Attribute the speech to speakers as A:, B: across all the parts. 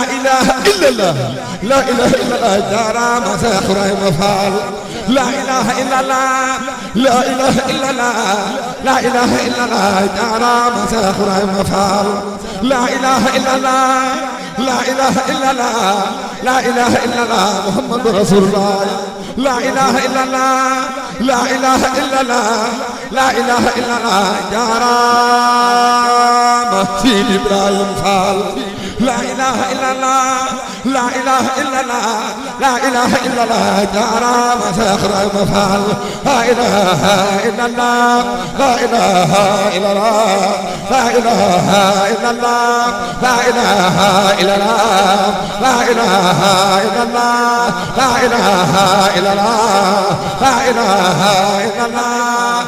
A: لا إله إلا الله لا إله إلا الله دار ما سيخرى مفعل لا إله إلا الله لا إله إلا الله لا إله إلا الله دار ما سيخرى مفعل لا إله إلا الله لا إله إلا الله لا إله إلا الله محمد رسول الله لا إله إلا الله لا إله إلا الله لا إله إلا الله جارا ما في إبراهيم فعل لا إله إلا الله لا إله إلا الله لا إله إلا الله جارا مسخر مفعل لا إله إلا الله لا إله إلا الله لا إله إلا الله لا إله إلا الله لا إله إلا الله لا إله إلا الله لا إله
B: إلا الله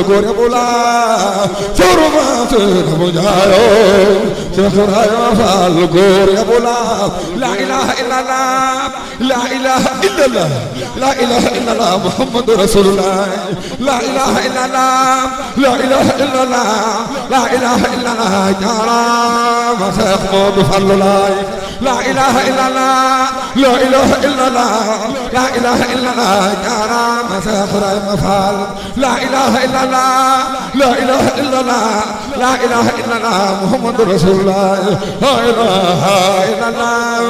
A: القرى بولا فرمات نبو جايو سنخرايو فالقرى بولا لا إله إلا الله لا إله إلا الله لا إله إلا الله محمد رسول الله لا إله إلا الله لا إله إلا الله لا إله إلا الله يا رب سيخمد صلى لا إله إلا الله لا إله إلا الله لا إله إلا الله يا رب سيخرج مفعل لا إله إلا الله لا إله إلا الله لا إله إلا الله محمد رسول الله لا إله إلا الله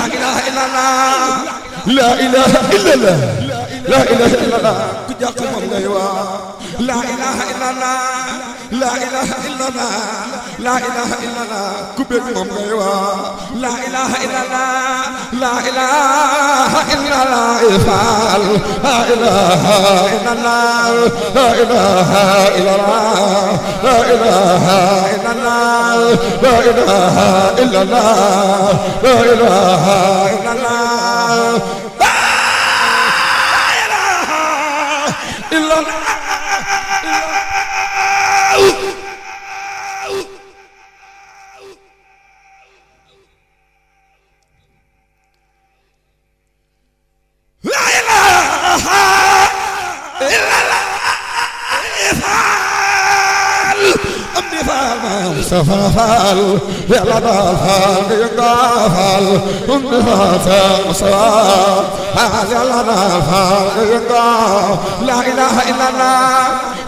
B: لا إله إلا الله
A: لا إله إلا الله لا إله إلا الله كجاكم الله لا إله إلا الله لا إله إلا الله لا إله إلا الله كبير مم غيوا لا إله إلا الله لا إله إلا الله إفعل لا إله إلا
B: الله لا
A: إله إلا الله لا إله
B: إلا الله لا إله إلا الله لا إله إلا الله لا إله إلا الله Allahu مصطفى فعل
A: لنا فعل يقاف لا إله إلا الله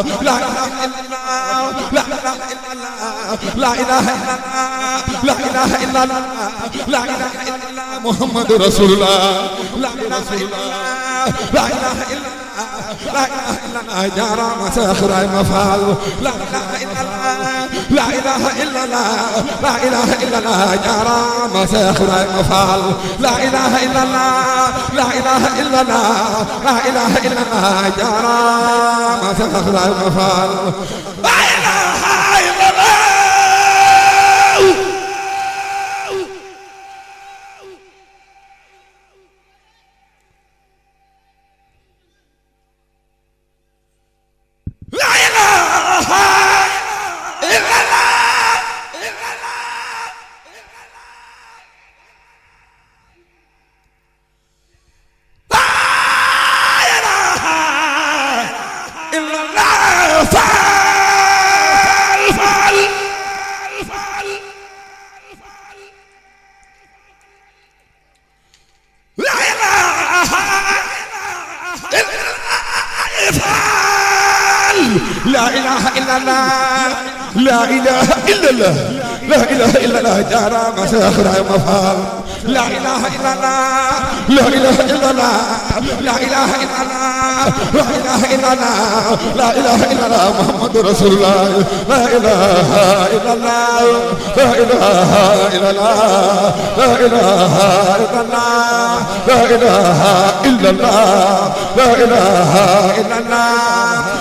A: الله لا اله الا الله لا اله الا الله لا اله الا الله لا اله الله لا اله الا الله لا اله الا الله لا إله إلا الله جارا مسخرة مفال لا إله إلا الله لا إله إلا الله لا إله إلا الله جارا مسخرة مفال لا إله إلا الله لا إله إلا الله لا إله إلا الله جارا مسخرة مفال لا إله إلا الله جارا ما سيخرع مفال لا إله إلا الله لا إله إلا الله لا إله إلا الله لا إله إلا الله لا إله إلا الله محمد رسول الله لا إله إلا الله لا إله إلا الله لا إله إلا الله لا إله إلا
B: الله لا إله إلا الله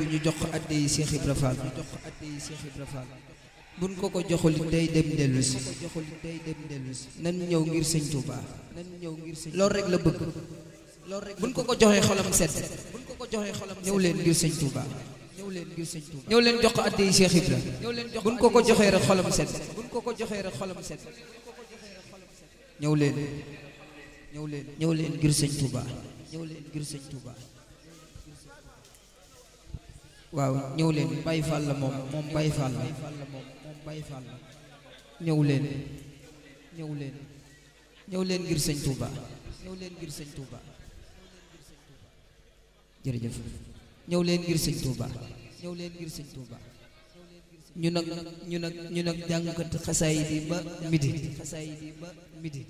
C: bëgg ñu jox ko addee Cheikh Ibra Fall buñ ko ko joxul day dem dellu si nan ñëw ngir sëñ Touba loolu rek la bëgg buñ ko ko joxee xolam set ñëw leen ngir sëñ Touba ñëw leen jox ko addee Cheikh Ibra buñ ko ko joxee rek xolam set ñëw leen ñëw leen ngir sëñ Touba ñëw leen ngir sëñ Touba waaw ñëw leen Baye la moom moom Baye Fall la ñëw leen ñëw leen ñëw leen ngir sëñ Touba ñëw leen ngir sëñ Touba jërëjëf ñëw leen ngir sëñ Touba ñëw leen ngir sëñ Touba ñu nag ñu nag ñu nag jàngkat xasaay bi ba midi xasaay bi ba midi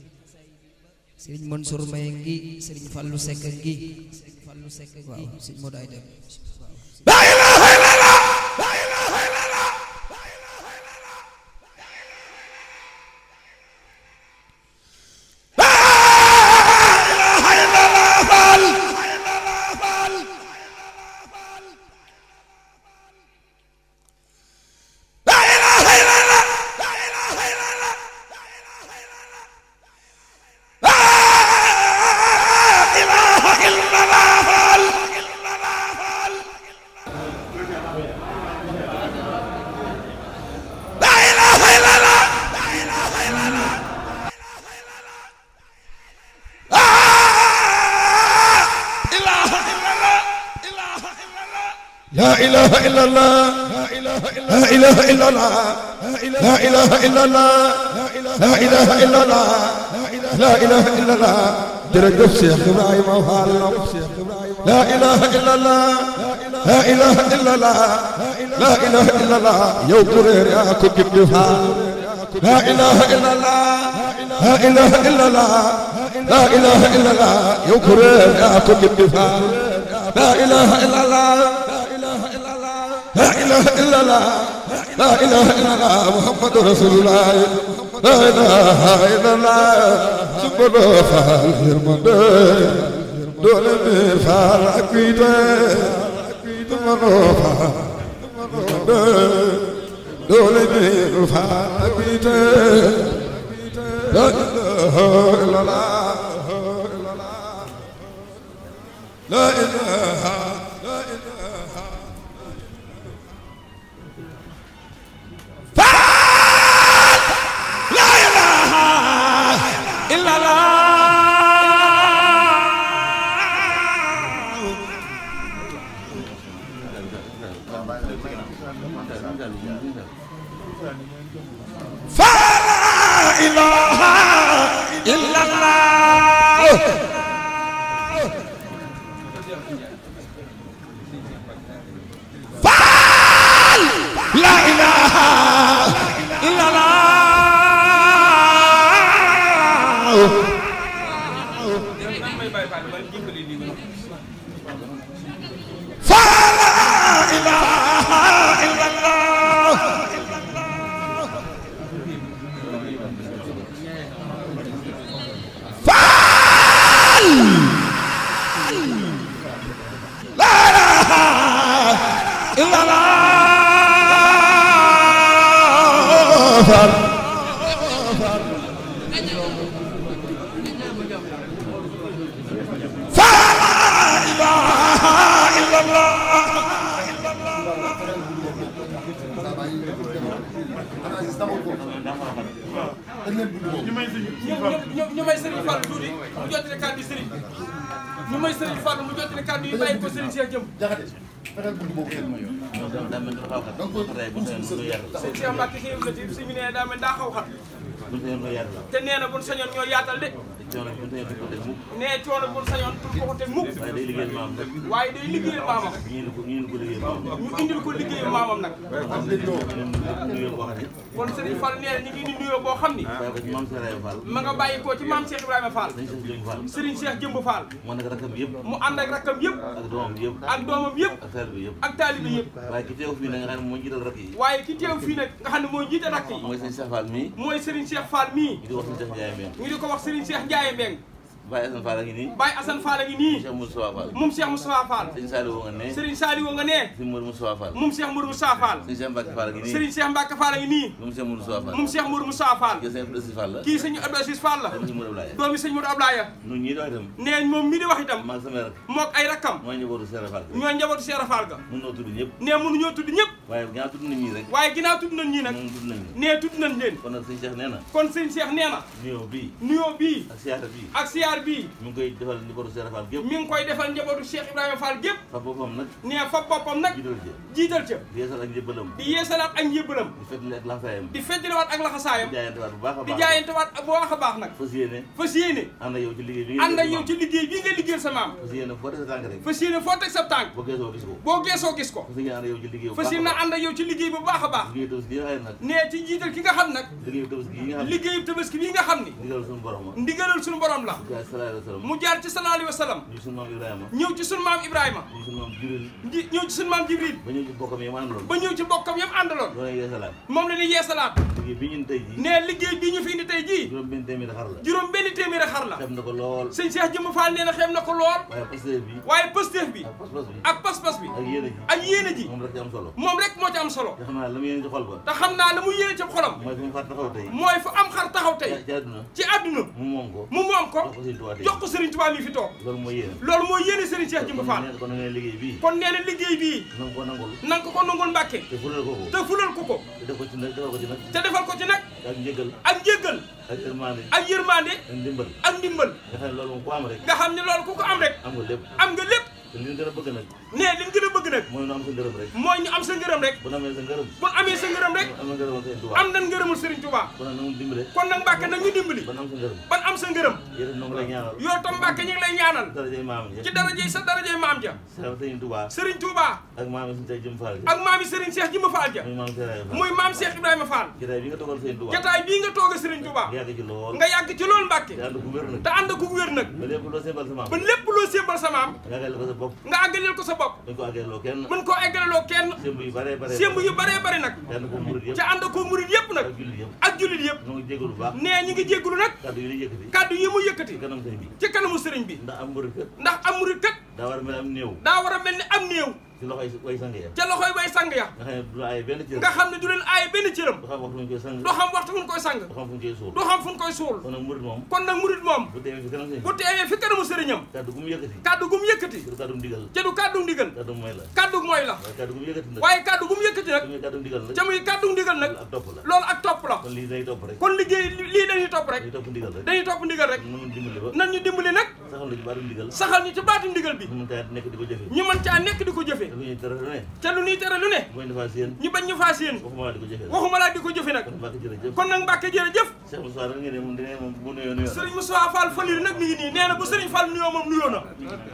C: sëriñ Mansour Mbaye ngi sëriñ Fallou Seck ngi sëriñ waaw sëriñ Modou ay dem
A: الله
B: لا اله الا الله لا اله الا
A: الله درجه الشيخ ابراهيم او حال لا اله الا الله لا اله الا الله لا اله الا الله يو قرر يا كتب لا اله الا الله لا اله الا الله لا اله الا الله يو قرر يا كتب
B: لا اله الا الله لا اله
A: الا الله لا اله الا الله لا إله إلا الله محمد رسول الله لا إله إلا الله سبحانه فعل هرمد دون مير فعل عقيدة تمنو فعل دون مير فعل عقيدة لا إله إلا الله لا إله
B: Faal. La ilaha ñu
D: may ñu may Serigne Fall tuuti mu jottali kàddu Serigne ñu may Serigne Fall mu jottali kàddu yi bàyyi ko Serigne Cheikh jëm. jaxate fexeel bunt boobu kenn mooy yow. daa mel ni dafa xaw xat. da nga koy bu seen lu yar. Serigne Cheikh Mbacke xëy na si mu ne daa mel daa xaw xat. Tenía una buena señor, yo ya tal vez. coono bu nee duñ ko teg mukk. nee coono bu sañoon duñ ko ko teg mukk. waaye day liggéeyal maamam. waaye day liggéeyal maamam. ñu indil ko ñu indil ko liggéeyal maamam. ñu indil ko liggéeyal maamam nag. kon sëriñ Fall nee na ñu ngi indi nuyoo boo xam ni. ma nga bàyyi ko ci maam Cheikh Ibrahima Fall. sëriñ Cheikh Jëmb Fall. mu ànd ak rakkam yëpp. mu ànd ak rakkam yëpp. ak doomam yëpp. ak doomam yëpp. ak taalibe yëpp. ak taalibe yëpp. waaye ki teew fii nag nga xam ne moo jiital rakk yi. waaye ki teew fii nag nga xam ne moo jiital rakk yi. mooy sëriñ Cheikh Fall mii. mooy sëriñ Cheikh Fall mii. ñu di ko wax sëriñ Cheikh Ndiaye Ndiaye Mbeng Baye Assane Fall a ngi nii Baye Assane Fall a ngi nii Cheikh Moustapha Fall moom Cheikh Moustapha Fall Serigne Saliou nga ne Serigne Saliou nga ne Serigne Modou a a kii Serigne Abdou Aziz Fall la kii Serigne Abdou Aziz Fall la doomi Serigne Modou Ablaye ñun ñii di wax itam nee waaye ginnaaw tudd nañ ñii rek. waaye ginnaaw tudd nañ ñii nag. moom tudd nañ leen nee tudd nañ leen. kon nag sëñ Cheikh nee na. kon sëñ Cheikh nee na. nuyoo bii. nuyoo bii. ak siyaar bii. ak siyaar bii. mi ngi koy defal njabootu Cheikh Fall gépp. mi ngi koy defal njabootu Cheikh Ibrahima Fall gépp. fa boppam nag. nee fa boppam nag. jiital ca jiital ca. di yeesal ak njëbbalam. di yeesalaat ak njëbbalam. di fetli ak laxasaayam. di fetliwaat ak laxasaayam. di jaayantewaat bu baax a baax di jaayantewaat bu baax a baax nag. fas yéene. fas yéene. ànd ak yow ci liggéey bi ànd ak yow ci liggéey bi nga liggéeyal sa maam. fas yéene foo teg sa tànk rek. fas yéene foo teg sa tànk. boo geesoo gis ko. boo geesoo gis ko. fas yéene ànd ak yow ci liggéey ànd ak yow ci liggéey bu baax a baax nee ci jiital ki nga xam nag ndigalal suñu borom la mu jaar ci sallallahu alayhi wa sallam ñëw ci suñu maam Ibrahima ba ñëw ci bokkam yam àndaloon moom la ni yeesalaat nee liggéey bii ñu fi indi tey jii juróom benn téeméeri xar la xeeb na ko lool sëñ nee na xeeb na ko lool waaye pësteef bi ak pas bi ak yéene ji moom rek rek moo ci am solo te xam naa la mu yéene ci xol ba te xam naa la mu yéene ci am xar taxaw tey ci àdduna mu moom ko mu moom ko jox ko Serigne Touba mi fi toog loolu mooy yéene loolu mooy yéene Serigne Cheikh Jimba Fall kon nee na liggéey bii kon nee na ko ko ko nangul Mbàkke te fulal ko ko te fulal ko ko ci nag te ci nag ak njëgal ak njëgal ak yërmande ak yërmande ak ndimbal ne loolu ku ko am rek nga xam ne loolu ku ko am rek am nga lépp a bëgg ne li ñu gën a bëgg nag mooy ñu am sa ngërëm rek mooy ñu am sa ngërëm rek bu ñu amee sa ngërëm bu ñu amee sa ngërëm rek am nañ ngërëmul Serigne Touba kon nag Mbàkke nag ñu dimbali ban am sa ngërëm yow tam Mbàkke ñu ngi lay ñaanal ci darajey sa darajey maam ja Serigne Touba Serigne Touba ak maami Serigne Cheikh Jimba Fall ja muy maam Cheikh Ibrahima Fall jotaay bii nga toogal Serigne Touba jotaay bii nga toogal Serigne Touba nga yàgg ci lool Mbàkke te ànd ku wér nag bopp. mën koo eggalaloo kenn. mën koo eggalaloo kenn. sémb yu bëree bëri nag. te ànd ko murit yëpp nag. ak jullit yëpp nee ñu ngi jégalu nag. kaddu yi mu yëkkati. ci kanamu sëriñ bi. ndax am murit kat. daa war a mel am néew daa war a mel ni am néew ci loxoy way sang ya ca loxoy way sang ya nga xam ne du la benn cëram nga xam ne du leen aaye benn cëram du xam waxtu wuñ koy sang du xam waxtu koy suul du xam fu koy suul kon nag murit moom kon nag murit moom bu teewee fi kanamu sëriñam kaddu gum yëkkati kaddu gum yëkkati du kaddu ndigal ca du kaddu ndigal kaddu mooy la kaddu gum yëkkati nag waaye muy kaddu ndigal nag loolu ak topp la kon lii dañuy topp rek kon liggéey ñu mën caa nekk di ko jëfee ñu mën caa nekk di ko jëfee lu ñuy tere lu ne ca lu ñuy tere lu ne ñu bañ faa faa séen waxuma laa di ko jëfee di ko jëfee nag kon nag Mbàkke jërëjëf Cheikh Moussa nag ngeen ne moom dine moom bu nuyoo nii nee na bu Serigne Fall nuyoo moom nuyoo na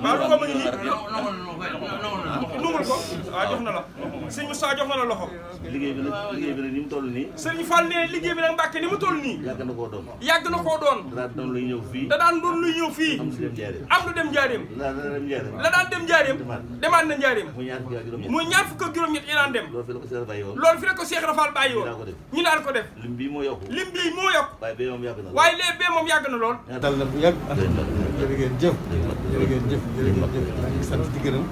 D: waaw lu ko ma ko waaw ah, jox na la sëñ Moussa jox na la loxo liggéey bi nag liggéey bi nag ni mu toll nii sëñ Fall ne liggéey bi nag Mbàkke ni mu toll nii yàgg na koo doon yàgg na koo doon da daan doon luy ñëw fii da daan doon luy ñëw fii am lu dem njaareem la daan dem njaareem demaat na njaareem mu ñaar fukk ak juróom-ñett yi daan dem loolu fi la ko Seex Rafal bàyyi woon ñu daan ko def lim bii moo yokk lim bii moo yokk waaye lee bee moom yàgg na lool dal na bu yàgg jërëjëf jërëjëf jëf jërëjëf maa ngi sant di gërëm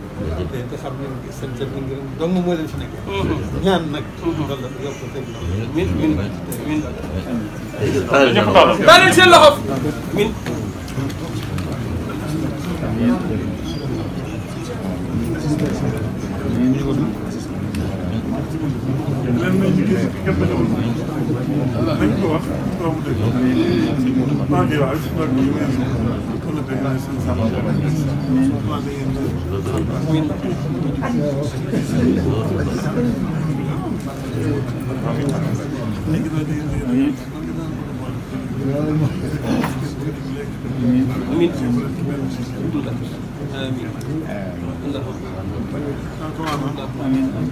D: te te xam ne sant di gërëm dong moo leen fi nekk mhm. ñaan nag walla yokk teg min min min daa leen seen loxo min min
B: lenn liggéey kenn ba joxoon nañ ko wax doo mu dégg maa ngi wax maa ngi wax kon nag dañu naan seen sàmm bi maa ngi leen di
D: maa ngi leen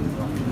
D: di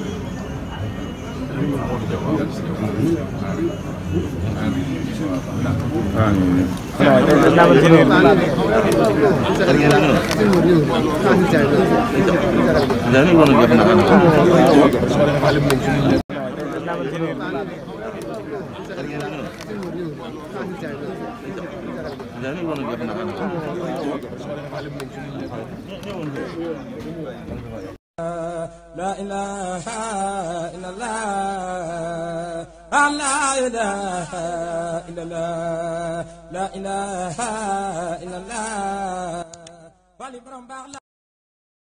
A: لا إله إلا الله an laa
B: ilaaha illallaah laa ilaaha
D: illallaah